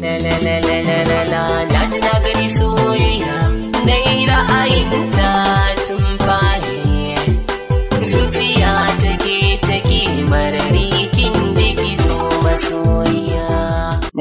Mai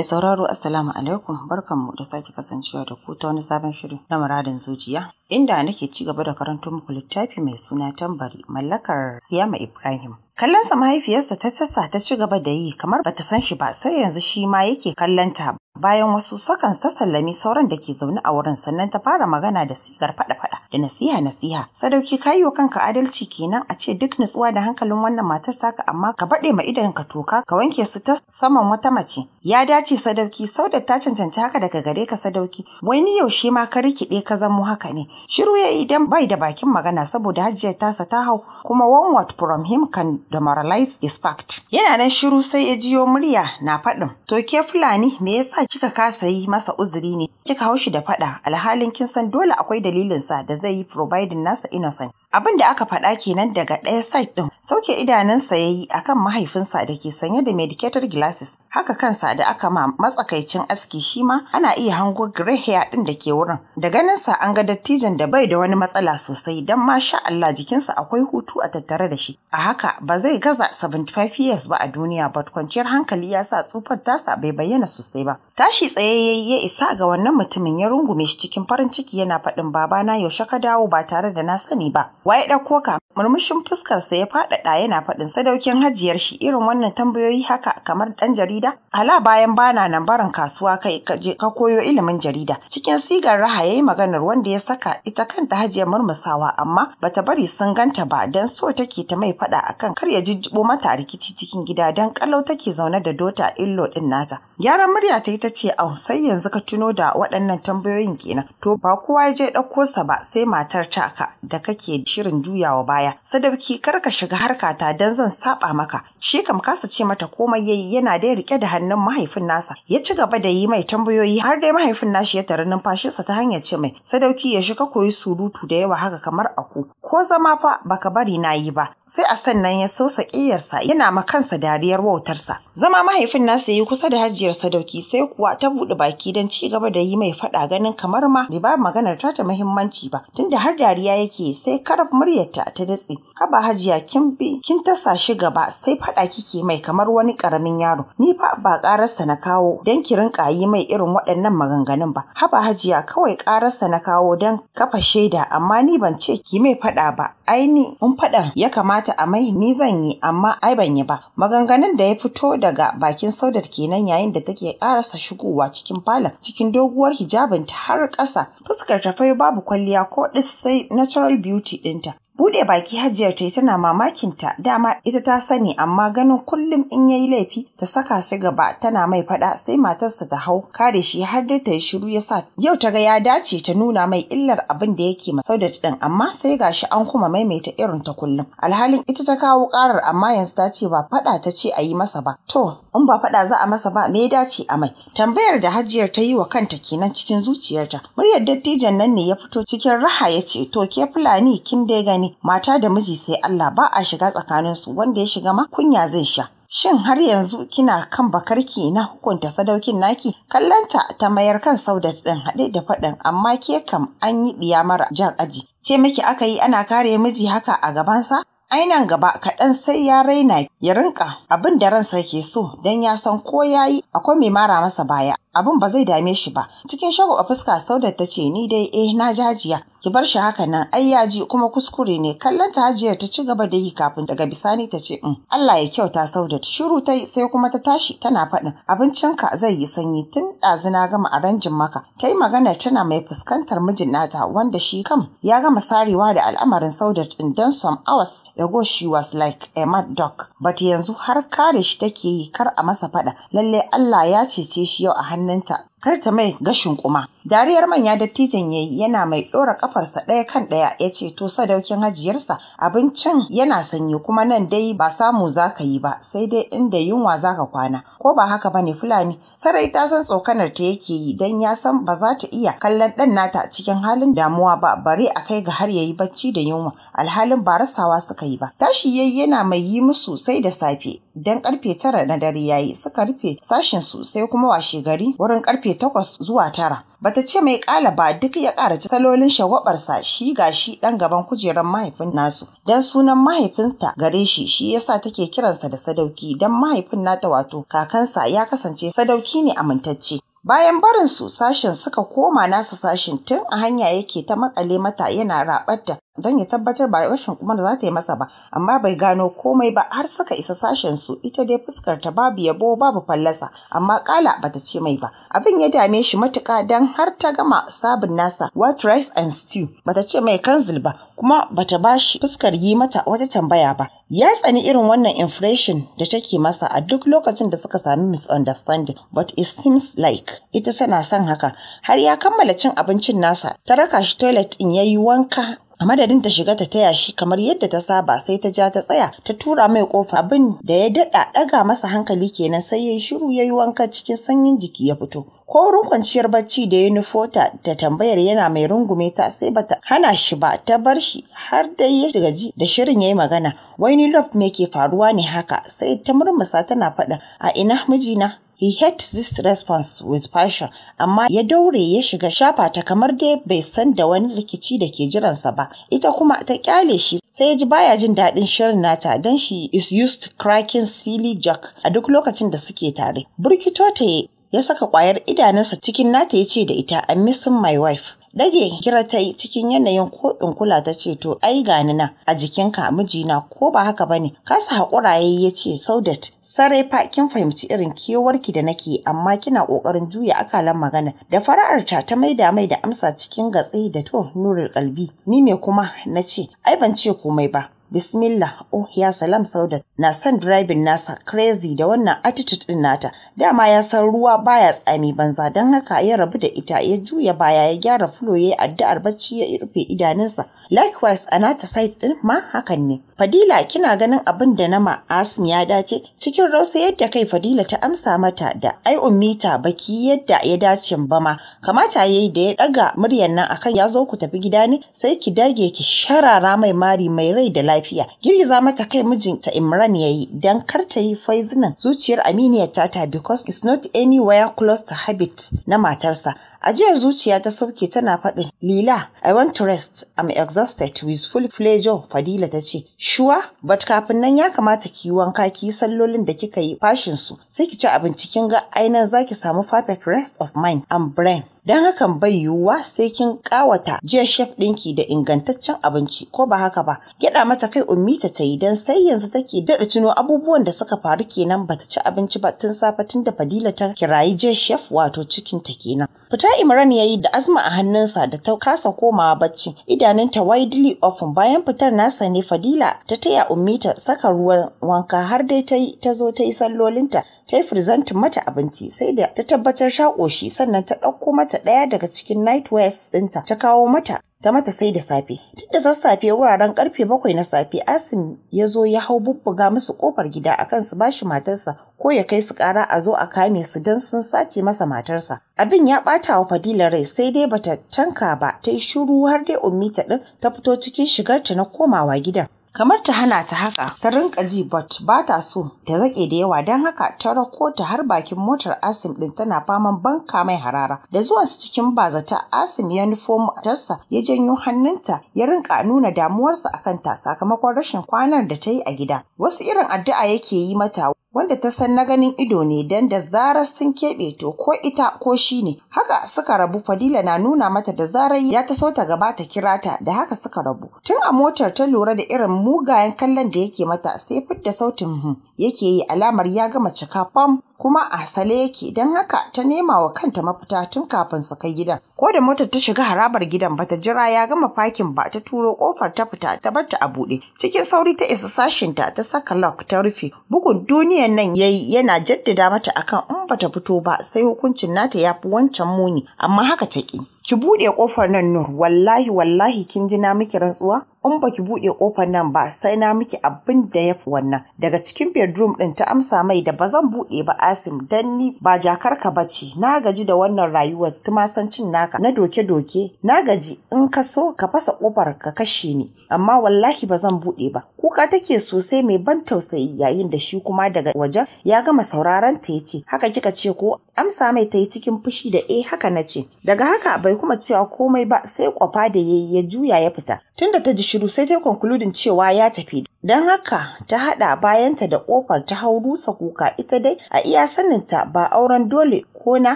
sauraro Assalamu alaikum barkan mu da sake kasancewa da ku ta wani sabon shirin na muradin zuciya inda nake ci gaba da karanto muku littafi mai suna tambari mallakar Siyama Ibrahim Kallonsa mahaifiyarsa ta tasa ta ci gaba da yi kamar bata san shi ba sai yanzu shi ma yake kallon kallonta bayan wasu sakan ta sallami sauran da ke zaune a wurin sannan ta fara magana da sigar fada-fada da nasiha nasiha sadauki kayi wa kanka adalci kenan a ce duk nutsuwa da hankalin wannan matar taka amma ka bade ma idan ka toka ka wanke su ta saman wata mace ya dace sadauki saudat ta cancanci haka daga gare ka sadauki wai ni yaushe ma ka rikide ka zamo haka ne shiru ya idan bai da bakin magana saboda hajjiyar tasa ta hau kuma one word from him can demoralize is fact. Yana nan shiru sai ya jiyo murya na faɗin. To ke Fulani me yasa kika kasa yi masa uzuri ne? Kika haushi da faɗa alhalin kin san dole akwai dalilin sa da zai yi providing nasa innocent. Abin da aka faɗa kenan daga ɗaya site ɗin sauke idanunsa ya yi akan mahaifinsa da ke sanye da medicated glasses haka kansa da aka ma matsakaicin aski shi ma ana iya hango grey hair ɗin da ke wurin. Da ganinsa an ga dattijan da bai da wani matsala sosai don ma sha Allah jikinsa akwai hutu a tattare da shi. A haka ba zai gaza 75 years ba a duniya ba, kwanciyar hankali ya sa tsufar tasa bai bayyana sosai ba. Tashi tsaye ya isa ga wannan mutumin ya rungume shi cikin farin ciki yana faɗin babana yaushe ka dawo ba tare da na sani ba. Wa ya ɗauko ka? murmushin fuskarsa ya faɗaɗa yana faɗin sadaukin hajiyar shi irin wannan tambayoyi haka kamar ɗan jarida Ala bayan bana nan barin kasuwa kai kaje ka koyo ilimin jarida cikin sigar raha yayi maganar wanda ya saka ita kanta hajiyar murmusawa amma bata bari sun ganta ba dan so take ta mai faɗa akan kar ya jijjibo mata rikici cikin gida dan kallau take zaune da dota illo din nata yaran murya ta yi ta ce au sai yanzu ka tuno da waɗannan tambayoyin kenan to ba kowa ya je ɗauko sa ba sai matar taka da kake shirin juyawa ba baya sadauki kar ka shiga harkata dan zan saba maka shi kam kasa ce mata komai yayi yana dai rike da hannun mahaifin nasa ya ci gaba da yi mai tambayoyi har dai mahaifin nashi ya tare numfashinsa ta hanyar ce mai sadauki ya shiga koyi surutu da yawa haka kamar aku ko zama fa baka bari na yi ba sai a sannan ya sosa ƙiyarsa yana ma kansa dariyar wautarsa zama mahaifin nasa yi kusa da hajiyar sadauki sai kuwa ta buɗe baki don ci gaba da yi mai faɗa ganin kamar ma bai ba maganar ta ta muhimmanci ba tunda har dariya yake sai karaf muryarta ta datse haba hajiya kin bi kin tasa shi gaba sai fada kike mai kamar wani karamin yaro ni fa ba kararsa na kawo dan ki rinka yi mai irin waɗannan maganganun ba haba hajiya kawai karasa na kawo dan kafa shaida amma ni ban ce ki mai fada ba ai ni mun fada ya kamata a mai ni zan yi amma ai ban yi ba maganganun da ya fito daga bakin saudar kenan yayin da take karasa shigowa cikin falon cikin doguwar hijabinta har ƙasa fuskar ta fa babu kwalliya ko ɗis sai natural beauty ɗinta Bude baki hajiyar ta yi tana mamakin ta dama ita ta sani amma ganin kullum in yayi laifi ta saka shi gaba tana mai fada sai matarsa ta hau kare shi har dai ta yi shiru ya sa yau ta ga ya dace ta nuna mai illar abin da yake masau da din amma sai gashi an kuma maimaita irin ta kullum alhalin ita ta kawo karar amma yanzu ta ce ba fada ta ce a yi masa ba to in ba fada za a masa ba me ya dace a mai tambayar da hajiyar ta yi wa kanta kenan cikin zuciyarta muryar dattijan nan ne ya fito cikin raha ya ce to ke fulani kin dai gani mata da miji sai Allah ba a shiga tsakaninsu wanda ya shiga ma kunya zai sha. Shin har yanzu kina kan bakarki na hukunta sadaukin naki? Kallanta ta mayar kan saudat ɗin haɗe da faɗin amma ke kam an yi ɗiya mara jan aji. Ce miki aka yi ana kare miji haka a gabansa? nan gaba kaɗan sai ya raina ya rinka abin da ransa ke so don ya san ko ya yi akwai mai mara masa baya. abin ba zai dame shi ba cikin a fuska saudar ta ce ni dai eh na jajiya ki bar shi haka nan ai yaji kuma kuskure ne kallon ta hajiyar ta ci gaba da yi kafin daga bisani ta ce in mm, Allah ya kyauta saudat shiru ta yi sai kuma ta tashi tana faɗin ka zai yi sanyi tun ɗazuna gama aranjin maka ta yi maganar tana mai fuskantar mijin nata wanda shi kam ya gama sarewa da al'amarin saudat ɗin dan some hours ago she was like a mad dog but yanzu har kare shi take yi kar a masa faɗa Lallai Allah ya cece shi yau a annanta kar ta mai gashin kuma. Dariyar manya dattijan ya yi yana mai ɗora ƙafarsa ɗaya kan ɗaya ya ce to sadaukin hajiyarsa abincin yana sanyi kuma nan dai ba samu za ka yi ba sai dai inda yunwa za ka kwana ko ba haka ba ne fulani. Sarai ta san tsokanar ta yake yi don ya san ba za ta iya kallon ɗan nata cikin halin damuwa ba bare a kai ga har ya yi bacci da yunwa alhalin ba rasawa suka yi ba. Tashi yayi yana mai yi musu sai da safe don karfe tara na dare yayi suka rufe sashin su sai kuma washe gari wurin karfe karfe takwas zuwa tara. Bata ce mai ƙala ba duk ya ƙara salolin shawabarsa shi ga shi ɗan gaban kujerar mahaifin nasu. Dan sunan mahaifinta gare shi shi yasa take kiransa da sadauki dan mahaifin nata wato kakansa ya kasance sadauki ne amintacce. Bayan barinsu, su sashen suka koma nasu sashen tun a hanya yake ta maƙale mata yana raɓar da. don ya tabbatar ba rashin kuma da za ta yi masa ba amma bai gano komai ba har suka isa sashen su ita dai fuskar ta babu yabo babu fallasa amma kala bata ce mai ba abin ya dame shi matuka dan har ta gama sabin nasa what rice and stew bata ce mai kanzil ba kuma bata bashi fuskar yi mata wata tambaya ba ya tsani irin wannan impression da take masa a duk lokacin da suka sami misunderstanding but it seems like ita tana son haka har ya kammala cin abincin nasa ta raka shi toilet in yayi wanka a madadin ta shiga ta taya shi kamar yadda ta saba sai ta ja ta tsaya ta tura mai kofa abin da ya daɗa ɗaga masa hankali kenan sai ya yi shiru ya yi wanka cikin sanyin jiki ya fito ko wurin kwanciyar bacci da ya nufo ta da tambayar yana mai rungume ta sai bata hana shi ba ta bar shi har da ya gaji da shirin ya yi magana wani ni love me ke faruwa ne haka sai ta murmusa tana faɗa a ina mijina He hates this response with passion, amma ya daure ya shiga shafa ta kamar dai bai san da wani rikici da ke jiransa ba. Ita kuma ta kyale shi sai ya ji baya jin daɗin shirin nata don shi is used cracking silly joke a duk lokacin da suke tare. Burkito ta ya saka ƙwayar idanunsa cikin nata ya ce da ita, I'm missing my wife. dage kira ta yi cikin yanayin ko in kula ta ce to ai gani na a jikinka mijina ko ba haka ba ne? Kasa hakura yayi ya ce Saudat sarai fa kin fahimci irin kewarki da nake amma kina ƙoƙarin juya akalan magana da fara'ar ta maida mai da amsa cikin gatsi da to nurul kalbi ni me kuma na ce ai ban ce komai ba Bismillah, oh ya salam saudat, na son driving nasa crazy da wannan attitude din nata. Dama ya san ruwa baya tsami banza don haka ya rabu da ita ya juya baya ya gyara fulo ya yi addu'ar bacci ya rufe idanunsa. Likewise a nata site din ma hakan ne. Fadila kina ganin abin da na ma'asim ya dace cikin rausa yadda kai Fadila ta amsa mata da ai ummita baki yadda ya dace ba ma kamata yayi da ya daga muryan nan akan ya zo ku tafi gida ne sai ki dage ki sharara mai mari mai rai da lafiya. lafiya girgiza mata kai mijinta Imran yayi dan kar ta yi faizinin zuciyar Aminiya tata because it's not anywhere close to habit na matarsa ajiyar zuciya ta sauke tana faɗin Lila I want to rest I'm exhausted with full pleasure Fadila ta ce shuwa but kafin nan ya kamata ki wanka ki sallolin da kika yi fashin su sai ki ci abinci kin ga ainihin zaki samu perfect rest of mind and brain don hakan bai yiwuwa sai kin ƙawata jiya shef ɗinki da ingantaccen abinci ko ba haka ba gyaɗa mata kai ummi ta yi don sai yanzu take daɗa tuno abubuwan da suka faru kenan bata ci abinci ba tun safe tun da fadila ta kirayi jiya shef wato cikin ta kenan Fita Imran ya yi da azma a hannunsa da ta kasa komawa bacci. Idanunta widely open bayan fitar nasa ne Fadila ta taya Ummi ta saka ruwan wanka har dai ta yi ta zo ta yi sallolinta ta yi firzantin mata abinci sai da ta tabbatar ta ƙoshi sannan ta ɗauko mata ɗaya daga cikin night ɗinta ta kawo mata ta mata sai da safe duk da sassafe wuraren karfe bakwai na safe asim ya zo ya hau bubbuga musu kofar gida akan su bashi matarsa ko ya kai su kara a zo a kame su don sun sace masa matarsa abin ya bata wa fadila rai sai dai bata tanka ba ta yi shiru har dai ummi ta din ta fito cikin shigarta na komawa gidan kamar ta hana ta haka ta rinka ji but ba ta so ta zaƙe da yawa don haka ta rako ta har bakin motar asim din tana faman banka mai harara da zuwan su cikin bazata asim ya nufo matarsa ya janyo hannunta ya rinka nuna damuwarsa akan ta sakamakon rashin kwanar da ta yi a gida wasu irin addu'a yake yi mata wanda ta san na ganin ido ne dan da zarar sun keɓe to ko ita ko shi ne haka suka rabu fadila na nuna mata da zarar ya ta so ta gaba ta kira ta da haka suka rabu tun a motar ta lura da irin mugayen kallon da yake mata sai fidda sautin hu hmm yake yi alamar ya gama cika fam kuma a sale yake don haka ta nema wa kanta mafita tun kafin su kai gidan ko da motar ta shiga harabar gidan bata jira ya gama fakin ba ta turo kofar ta fita ta bar a buɗe cikin sauri ta isa sashinta ta saka lock ta rufe bugun duniya yarinyar nan yayi yana jaddada mata akan in bata fito ba sai hukuncin nata yafi wancan muni amma haka ta ki. Ki buɗe ƙofar nan Nur wallahi wallahi kin ji na miki rantsuwa in baki buɗe ƙofar nan ba sai na miki abin da ya fi wannan daga cikin bedroom ɗin ta amsa mai da ba zan buɗe ba asim dan ni ba jakar ka bace na gaji da wannan rayuwar tumasancin naka na doke-doke na gaji in ka so ka fasa ƙofar ka kashe ni amma wallahi ba zan buɗe ba kuka take sosai mai ban tausayi yayin da shi kuma daga wajen ya gama sauraron ta ya ce haka kika ce ko amsa mai ta yi cikin fushi da eh haka na ce daga haka bai kuma cewa komai ba sai kwafa da yayi ya juya ya fita tunda ta ji shiru sai ta konkludin cewa ya tafi don haka ta hada bayanta da kofar ta hau rusa kuka ita dai a iya saninta ba auren dole ko na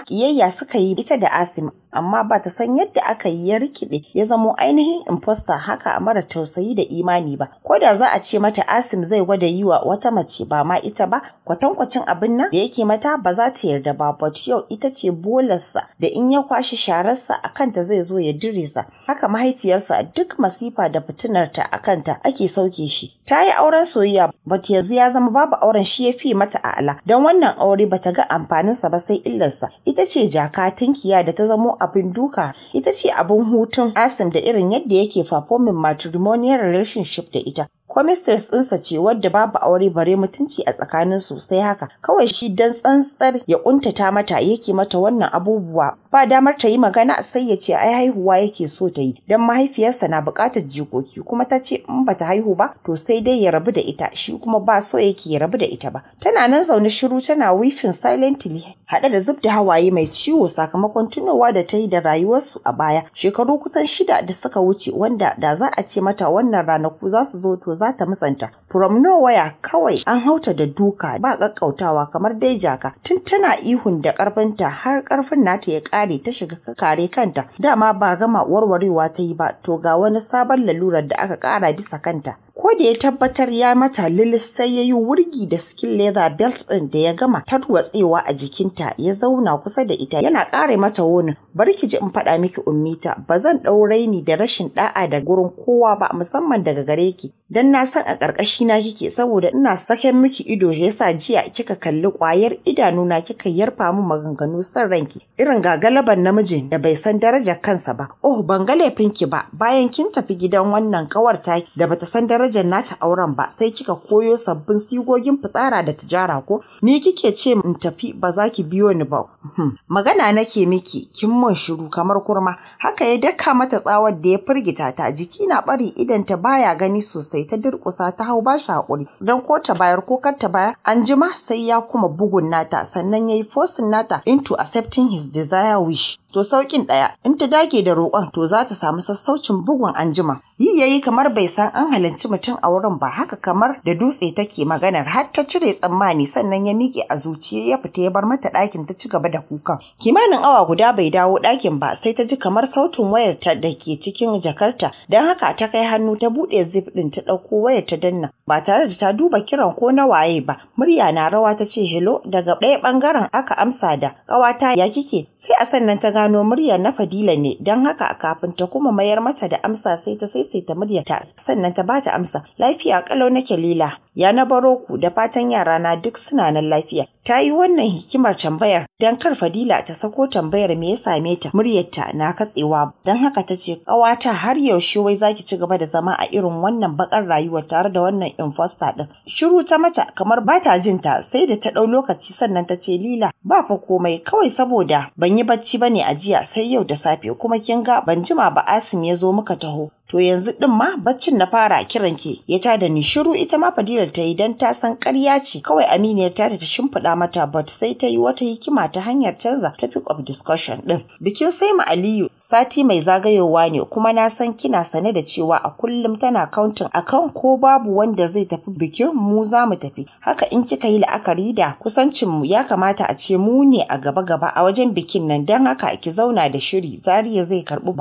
kiyayya suka yi ita da Asim amma ba ta san yadda aka yi ya rikide ya zamo ainihin imposter haka a mara tausayi da imani ba ko da za a ce mata asim zai gwada yi wa wata mace ba ma ita ba kwatankwacin abin nan da yake mata ba za ta yarda ba but yau ita ce bolarsa da in ya kwashe shararsa a kanta zai zo ya sa. haka mahaifiyarsa duk masifa da fitinarta a kanta ake sauke shi ta yi auren soyayya ba but yanzu ya zama babu auren shi ya fi mata a'ala don wannan aure ba ta ga amfaninsa ba sai illarsa ita ce jaka tunkiya da ta zamo abin duka ita ce abin hutun Asim da irin yadda yake fafomin matrimonial relationship da ita. Ko mistress ɗinsa ce wadda babu aure bare mutunci a tsakanin sosai haka kawai shi dan tsantsar ya ƙuntata mata yake mata wannan abubuwa ba damar ta yi magana sai ya ce ai haihuwa yake so ta yi don mahaifiyarsa na buƙatar jikoki kuma ta ce in ta haihu ba to sai dai ya rabu da ita shi kuma ba so yake ya rabu da ita ba tana nan zaune shiru tana wifin silently haɗe da zub da hawaye mai ciwo sakamakon tunowa da ta yi da rayuwarsu a baya shekaru kusan shida da suka wuce wanda da za a ce mata wannan ranaku za su zo to za ta musanta from nowhere kawai an hauta da duka ba ƙaƙƙautawa kamar dai jaka tun tana ihun da ƙarfinta har ƙarfin nata ya ƙare kare ta shiga kare kanta dama ba gama warwarewa ta yi ba to ga wani sabon lalurar da aka kara bisa kanta ko da ya tabbatar ya mata lilis sai ya yi wurgi da skin leather belt ɗin da ya gama tarwatsewa a jikinta ya zauna kusa da ita yana ƙare mata wani bari ki ji in faɗa miki ummita ba zan ɗau ni da rashin ɗa'a da gurin kowa ba musamman daga gare ki dan na san a ƙarƙashina na kike saboda ina saken miki ido yasa jiya kika kalli ƙwayar na kika yarfa mu maganganu san ranki irin ga galaban namijin da bai san darajar kansa ba oh ban ga laifinki ba bayan kin tafi gidan wannan ƙawar da bata san darajar darajar nata auren ba sai kika koyo sabbin sigogin fitsara da tijara ko ni kike ce in tafi ba za ki biyo ni ba hmm. magana nake miki kin mun shiru kamar kurma haka ya daka mata tsawar da ya firgita ta jiki na bari idan ta baya gani sosai ta durkusa ta hau bashi hakuri dan ko ta bayar ko kar ta bayar an jima sai ya kuma bugun nata sannan yayi forcing nata into accepting his desire wish to saukin ɗaya in ta dage da roƙon to za ta samu sassaucin bugun anjima yi yayi kamar bai san an halarci mutum a wurin ba haka kamar da dutse take maganar har ta cire tsammani sannan ya miƙe a zuciya ya fita ya bar mata ɗakin ta ci gaba da kukan kimanin awa guda bai dawo ɗakin ba sai ta ji kamar sautin wayar ta da ke cikin jakarta don haka ta kai hannu ta buɗe zip ɗin ta ɗauko wayar ta danna ba tare da ta duba kiran ko na waye ba murya na rawa ta ce hello daga ɗaya ɓangaren aka amsa da ƙawata ya kike sai a sannan ta gano murya na fadila ne don haka kafin ta kuma mayar mata da amsa sai ta saisaita muryarta sannan ta bata amsa lafiya kalau nake lila ya na baro ku da fatan yara na duk suna nan lafiya. Ta yi wannan hikimar tambayar don kar Fadila ta sako tambayar me ya same ta muryarta na katsewa don haka ta ce ƙawata har yaushe wai zaki ci gaba da zama a irin wannan bakar rayuwa tare da wannan infosta din. Shiru ta mata kamar ba ta jin ta sai da ta ɗau lokaci sannan ta ce Lila ba fa komai kawai saboda ban yi bacci ne a jiya sai yau da safe kuma kin ga ban jima ba Asim ya zo muka taho To yanzu ɗin ma baccin na fara kiran ke ya ta da ni shiru ita ma Fadila ta yi dan ta san ƙarya ce kawai aminiyar ta ta shimfiɗa mata but sai ta yi wata hikima ta hanyar canza topic of discussion ɗin. Bikin sai ma Aliyu sati mai zagayowa ne kuma na san kina sane da cewa a kullum tana kauntin akan ko babu wanda zai tafi bikin mu za mu tafi. Haka in kika yi la'akari da kusancin mu ya kamata a ce mu ne a gaba-gaba a wajen bikin nan don haka ki zauna da shiri Zaria zai karɓi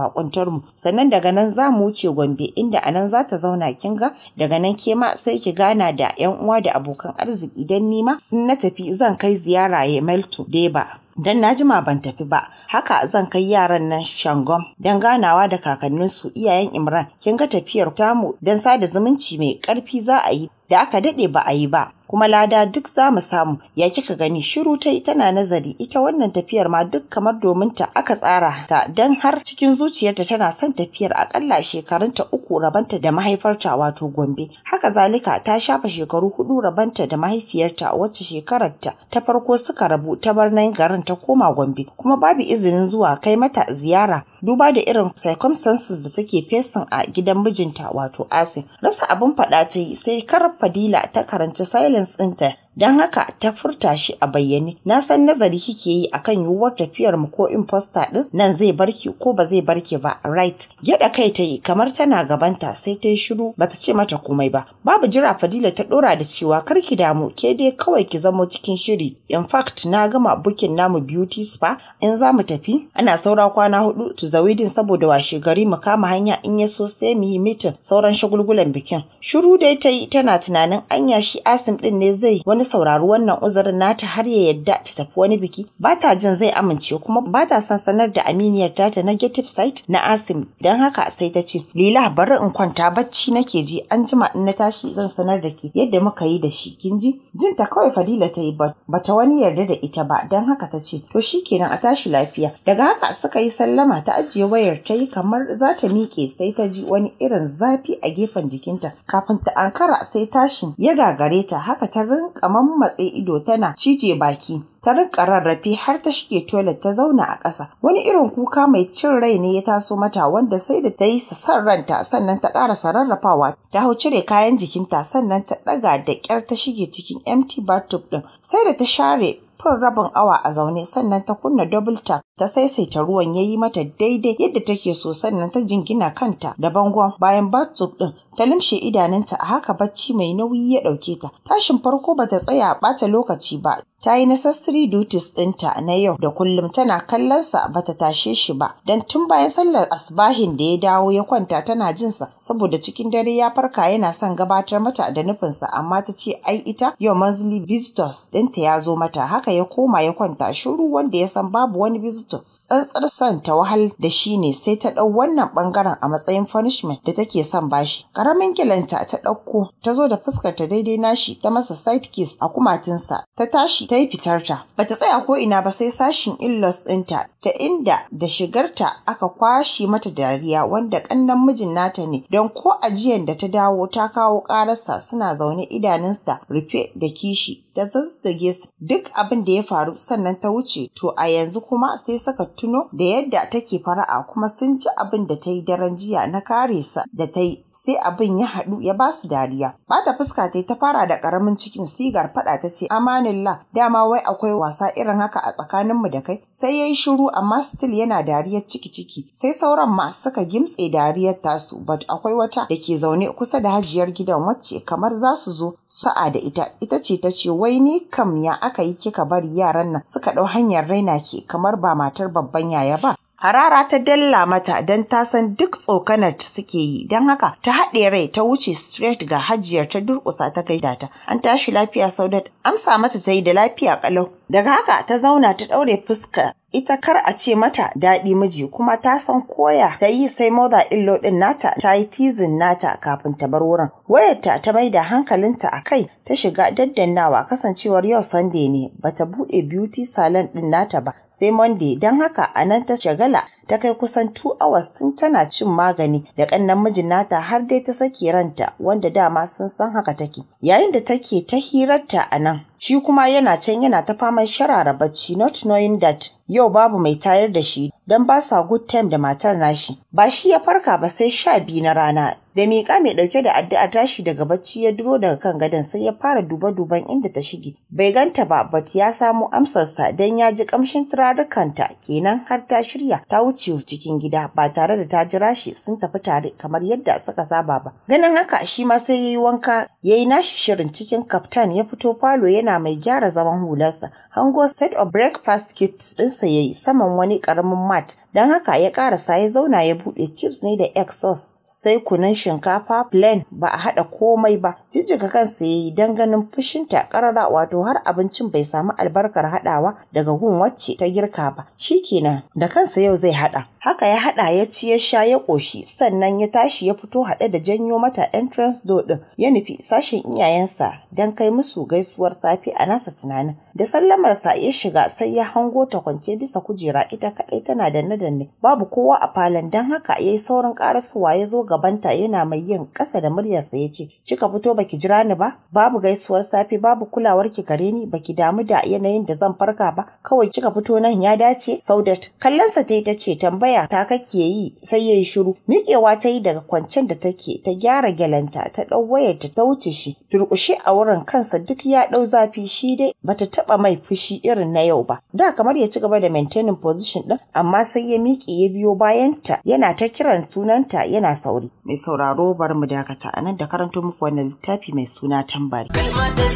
mu sannan daga nan za mu wuce Gombe inda a nan za ta zauna kin ga daga nan ke ma sai ki gana da 'yan uwa da abokan arziki don nima in na tafi zan kai ziyara Yemeltu Deba. dan na jima ban tafi ba haka zan kai yaran nan shangom don ganawa da kakanninsu iyayen imran kin ga tafiyar tamu don sada zumunci mai karfi za a yi da aka daɗe ba a yi ba kuma lada duk za mu samu ya kika gani shiru ta tana nazari ita wannan tafiyar ma duk kamar domin ta aka tsara ta don har cikin zuciyarta tana son tafiyar akalla shekarunta uku rabanta da mahaifarta wato gombe haka zalika ta shafa shekaru hudu rabanta da mahaifiyarta wacce shekararta ta farko suka rabu ta bar garin ta koma gombe kuma babu izinin zuwa kai mata ziyara duba da irin circumstances da take fesin a gidan mijinta wato asin rasa abin faɗa ta yi sai kar fadila ta karanci silence ɗinta don haka ta furta shi a bayyane na san nazari kike yi akan yiwuwar tafiyar mu ko imposter din nan zai barki ko ba zai barki ba right gyada kai ta yi kamar tana gabanta sai ta yi shiru bata ce mata komai ba babu jira fadila ta dora da cewa kar ki damu ke dai kawai ki zamo cikin shiri in fact na gama bukin namu beauty spa in za mu tafi ana saura kwana hudu to zawidin saboda washe gari mu kama hanya in ya so sai mu yi mitin sauran shagulgulan bikin shiru dai ta yi tana tunanin anya shi asim din ne zai wani wani saurari wannan uzurin nata har ya yadda ta tafi wani biki ba ta jin zai amince kuma ba ta son sanar da aminiyar ta negative site na Asim don haka sai ta ce Lila bari in kwanta bacci nake ji an jima in na tashi zan sanar da ki yadda muka yi da shi kin ji jin ta kawai Fadila ta yi ba ta wani yarda da ita ba don haka ta ce to kenan a tashi lafiya daga haka suka yi sallama ta ajiye wayar ta yi kamar za ta miƙe sai ta ji wani irin zafi a gefen jikinta kafin ta ankara sai tashin ya gagare ta haka ta rinka mammatse ido tana cije baki ta rinka rarrafe har ta shige toilet ta zauna a ƙasa wani irin kuka mai cin rai ne ya taso mata wanda sai da ta yi sassan ranta sannan ta ƙara sararrafawa ta hau cire kayan jikinta sannan ta ɗaga da ƙyar ta shige cikin empty bathtub ɗin sai da ta share kun rabin awa a zaune sannan ta kunna double tap ta saisaita ruwan ya yi mata daidai yadda take so sannan ta jingina kanta da bangon bayan batsup din ta limshe idanunta a haka bacci mai nauyi ya ɗauke ta tashin farko bata tsaya a ɓata lokaci ba ta yi necessary duties ɗinta na yau da kullum tana kallonsa ba ta tashe shi ba don tun bayan sallar asbahin da ya dawo ya kwanta tana jinsa saboda cikin dare ya farka yana son gabatar mata da nufinsa amma ta ce ai ita yau monthly visitors ɗinta ya zo mata haka ya koma ya kwanta shiru wanda ya san babu wani bizito tsantsar san ta wahal da shi ne sai ta ɗau wannan bangaren a matsayin punishment da take son bashi. Karamin kilanta ta ɗauko ta zo da fuskar ta daidai nashi ta masa side kiss a kumatinsa ta tashi ta yi fitarta. Ba ta tsaya ko ina ba sai sashin illos ɗinta ta inda da shigarta aka kwashe mata dariya wanda ƙannan mijin nata ne don ko ajiyan da ta dawo ta kawo ƙararsa suna zaune idanunsa rufe da kishi da zazzage duk abin da ya faru sannan ta wuce to a yanzu kuma sai saka tuno da yadda take fara'a kuma sun ci abin da ta yi daren jiya na kare sa da ta yi sai abin ya haɗu ya ba su dariya bata fuska ta ta fara da ƙaramin cikin sigar faɗa ta ce amanillah dama wai akwai wasa irin haka a tsakaninmu da kai sai ya yi shiru amma still yana dariyar ciki ciki sai sauran ma suka gimtse dariyar tasu but akwai wata da ke zaune kusa da hajiyar gidan wacce kamar za su zo sa'a da ita ita ce ta ce wai ni kam ya aka yi kika bari yaran nan suka ɗau hanyar raina ke kamar ba matar babban yaya ba Harara ta dalla mata don ta san duk tsokanar ta suke yi, don haka ta haɗe rai ta wuce straight ga hajiyar ta durƙusa ta kai data. An tashi lafiya Saudat, amsa mata ta yi da lafiya ƙalau. Daga haka ta zauna ta ɗaure fuska ita kar a ce mata daɗi miji kuma ta san koya ta yi sai moda illo ɗin nata ta yi tizin nata kafin ta bar wurin wayarta ta mai da hankalinta a kai ta shiga daddannawa kasancewar yau sunday ne bata buɗe beauty salon ɗin nata ba sai monday don haka a nan ta shagala ta kai kusan 2 hours tun tana cin magani da kannan mijin nata har dai ta sake ranta wanda dama sun san haka take yayin da take ta hirarta a nan shi kuma yana can yana ta faman sharara bacci not knowing that yau babu mai tayar da shi don ba sa good time da matar nashi ba shi ya farka ba sai sha biyu na rana Da miƙa mai ɗauke da addu'a tashi daga bacci ya duro daga kan gadon sai ya fara duba-duban inda ta shige. Bai ganta ba, bat ya samu amsarsa don ya ji ƙamshin turarukanta kenan har ta shirya ta wuce cikin gida ba tare da ta jira shi sun tafi tare kamar yadda suka saba ba. Ganin haka shi ma sai ya yi wanka ya yi nashi shirin cikin kaftan ya fito falo yana mai gyara zaman hularsa. Hango set of breakfast kit ɗinsa ya yi saman wani ƙaramin mat don haka ya karasa ya zauna ya buɗe chips ne da egg sauce sai kunun shinkafa plain ba a haɗa komai ba jijjiga kansa ya yi don ganin fushinta karara wato har abincin bai samu albarkar haɗawa daga gun wacce ta girka ba Shi kenan, da kansa yau zai haɗa haka ya haɗa ya ci ya sha ya ƙoshi sannan ya tashi ya fito haɗe da janyo mata entrance door ɗin ya nufi sashen iyayensa don kai musu gaisuwar safe a nasa tunanin da sallamarsa ya shiga sai ya hango ta kwance bisa kujera ita kaɗai tana da ne, babu kowa a falon don haka ya yi saurin karasuwa ya zo gabanta yana mai yin ƙasa da muryarsa ya ce kika fito baki jira ni ba babu gaisuwar safe babu kulawar ki gare ni baki damu da yanayin da zan farka ba kawai kika fito nan ya dace saudat kallonsa ta yi ta ce tambaya ta kake yi sai ya yi shiru miƙewa ta yi daga kwancen da take ta gyara gyalanta ta ɗau wayar ta ta wuce shi durƙushe a wurin kansa duk ya ɗau zafi shi dai bata taɓa mai fushi irin na yau ba da kamar ya ci gaba da maintaining position ɗin amma sai ya miƙe ya biyo bayanta yana ta kiran sunanta yana sauri. Mai sauraro bari mu dakata a nan da karanto muku wannan littafi mai suna tambari. Kalmar da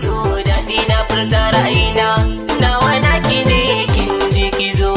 furta ra'ayina, nawa ne zo.